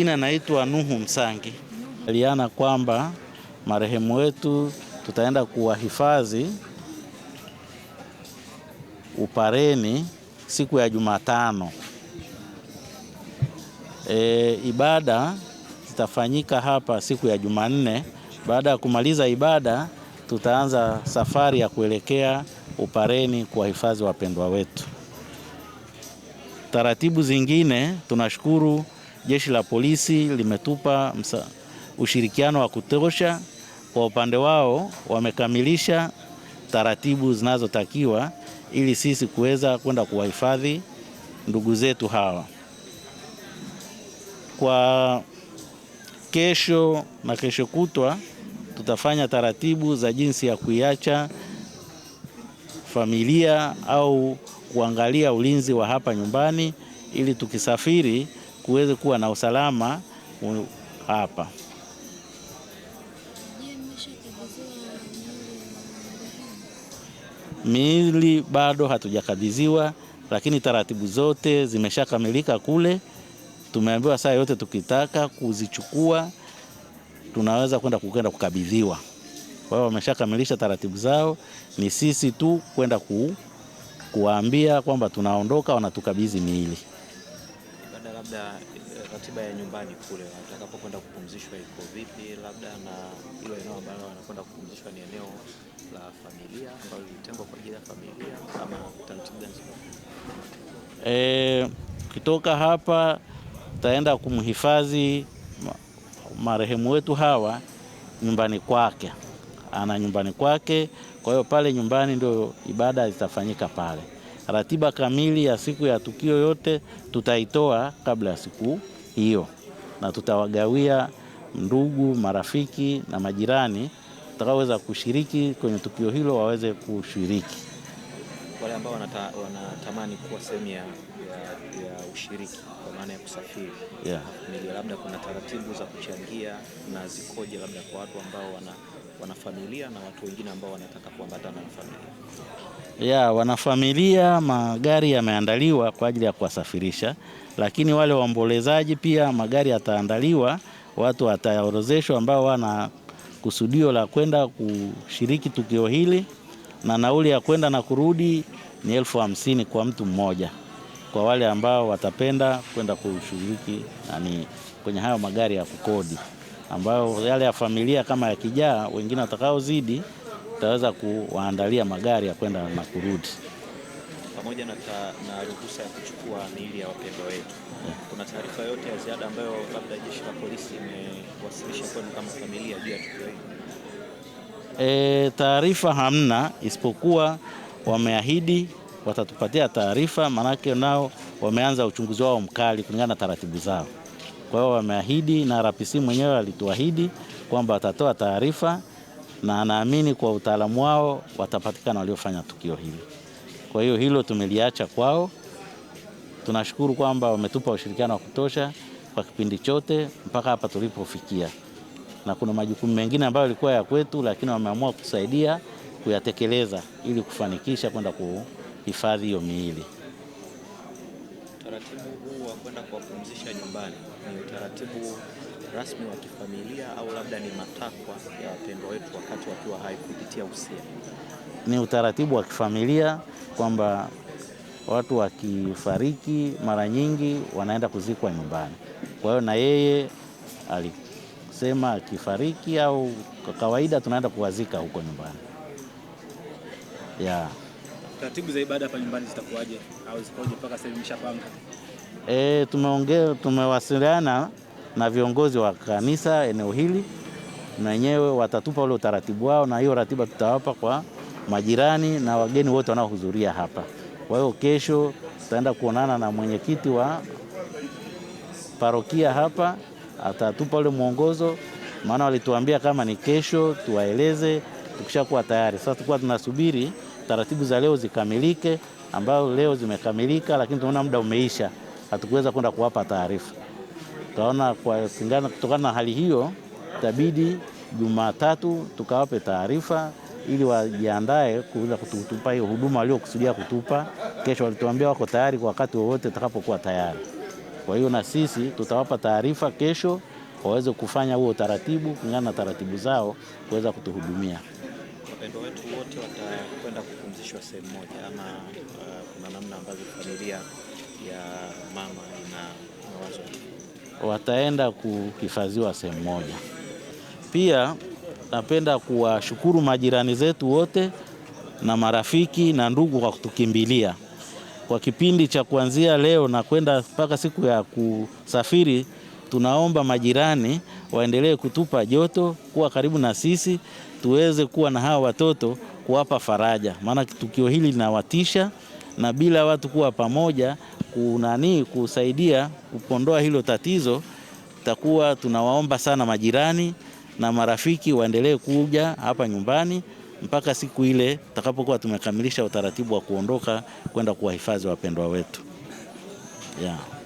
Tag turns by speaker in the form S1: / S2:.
S1: jina naitwa Nuhu Msangi. Aliana kwamba marehemu wetu tutaenda kuwahifadhi Upareni siku ya Jumatano. E, ibada zitafanyika hapa siku ya Jumanne. Baada ya kumaliza ibada, tutaanza safari ya kuelekea Upareni kuwahifadhi wapendwa wetu. Taratibu zingine tunashukuru jeshi la polisi limetupa msa, ushirikiano wa kutosha. Kwa upande wao wamekamilisha taratibu zinazotakiwa ili sisi kuweza kwenda kuwahifadhi ndugu zetu hawa. Kwa kesho na kesho kutwa tutafanya taratibu za jinsi ya kuiacha familia au kuangalia ulinzi wa hapa nyumbani ili tukisafiri uweze kuwa na usalama hapa. Miili bado hatujakabidhiwa, lakini taratibu zote zimeshakamilika kule. Tumeambiwa saa yote tukitaka kuzichukua tunaweza kwenda kukenda kukabidhiwa. Kwa hiyo wameshakamilisha taratibu zao, ni sisi tu kwenda ku, kuwaambia kwamba tunaondoka, wanatukabidhi miili
S2: labda eh, ratiba ya nyumbani kule watakapokwenda kupumzishwa iko vipi, labda na hilo eneo ambalo wanakwenda kupumzishwa ni eneo la familia ambalo litengwa kwa ajili ya familia ama taratibu gani?
S1: E, eh, kitoka hapa taenda kumhifadhi marehemu wetu Hawa nyumbani kwake, ana nyumbani kwake. Kwa hiyo pale nyumbani ndio ibada zitafanyika pale ratiba kamili ya siku ya tukio yote tutaitoa kabla ya siku hiyo, na tutawagawia ndugu, marafiki na majirani watakaoweza kushiriki kwenye tukio hilo waweze kushiriki.
S2: Wale ambao wanatamani kuwa sehemu ya, ya ushiriki kwa maana ya kusafiri yeah, labda kuna taratibu za kuchangia na zikoje, labda kwa watu ambao wana wanafamilia na watu wengine ambao wanataka kuambatana na familia?
S1: Ya wanafamilia, magari yameandaliwa kwa ajili ya kuwasafirisha, lakini wale waombolezaji pia magari yataandaliwa, watu wataorozeshwa ambao wana kusudio la kwenda kushiriki tukio hili, na nauli ya kwenda na kurudi ni elfu hamsini kwa mtu mmoja, kwa wale ambao watapenda kwenda kushiriki nani kwenye hayo magari ya kukodi ambayo yale ya familia kama yakijaa, wengine watakaozidi tutaweza kuwaandalia magari ya kwenda na kurudi
S2: pamoja na, na ruhusa ya kuchukua miili ya wapendwa wetu. Kuna taarifa yote ya ziada ambayo labda jeshi la polisi imewasilisha kwenu kama familia juu ya tukio hili?
S1: E, taarifa hamna, isipokuwa wameahidi watatupatia taarifa, maanake nao wameanza uchunguzi wao mkali kulingana na taratibu zao. Kwa hiyo wameahidi na RPC mwenyewe alituahidi kwamba watatoa taarifa, na anaamini kwa utaalamu wao watapatikana waliofanya tukio hili. Kwa hiyo hilo tumeliacha kwao. Tunashukuru kwamba wametupa ushirikiano wa kutosha kwa kipindi chote mpaka hapa tulipofikia, na kuna majukumu mengine ambayo yalikuwa ya kwetu, lakini wameamua kusaidia kuyatekeleza ili kufanikisha kwenda kuhifadhi hiyo miili
S2: utaratibu huu wa kwenda kuwapumzisha nyumbani ni utaratibu rasmi wa kifamilia au labda ni matakwa ya wapendwa wetu wakati wakiwa hai kupitia usia?
S1: Ni utaratibu wa kifamilia kwamba watu wakifariki mara nyingi wanaenda kuzikwa nyumbani. Kwa hiyo na yeye alisema akifariki au kwa kawaida tunaenda kuwazika huko nyumbani ya yeah
S2: taratibu za ibada hapa nyumbani zitakuwaje au zikoje mpaka sasa mshapanga?
S1: E, tumeongea tumewasiliana na viongozi wa kanisa eneo hili, na wenyewe watatupa ule utaratibu wao, na hiyo ratiba tutawapa kwa majirani na wageni wote wanaohudhuria hapa. Kwa hiyo kesho tutaenda kuonana na mwenyekiti wa parokia hapa, atatupa ule mwongozo, maana walituambia kama ni kesho tuwaeleze tukishakuwa tayari. Sasa tulikuwa tunasubiri taratibu za leo zikamilike, ambayo leo zimekamilika, lakini tunaona muda umeisha, hatukuweza kwenda kuwapa taarifa. Tunaona kwa singana, kutokana na hali hiyo, itabidi Jumatatu tukawape taarifa ili wajiandae kuweza kutupa hiyo huduma waliokusudia kutupa kesho. Walituambia wako tayari kwa wakati wowote utakapokuwa tayari. Kwa hiyo na sisi tutawapa taarifa kesho waweze kufanya huo utaratibu kulingana na taratibu zao kuweza kutuhudumia
S2: wanariadha wetu wote watakwenda kupumzishwa sehemu moja, ama uh, kuna namna ambavyo familia ya mama ina mawazo,
S1: wataenda kuhifadhiwa sehemu moja. Pia napenda kuwashukuru majirani zetu wote na marafiki na ndugu kwa kutukimbilia kwa kipindi cha kuanzia leo na kwenda mpaka siku ya kusafiri tunaomba majirani waendelee kutupa joto, kuwa karibu na sisi, tuweze kuwa na hawa watoto, kuwapa faraja, maana tukio hili linawatisha, na bila watu kuwa pamoja kunani kusaidia kupondoa hilo tatizo, takuwa tunawaomba sana majirani na marafiki waendelee kuja hapa nyumbani mpaka siku ile tutakapokuwa tumekamilisha utaratibu wa kuondoka kwenda kuwahifadhi wapendwa wetu, yeah.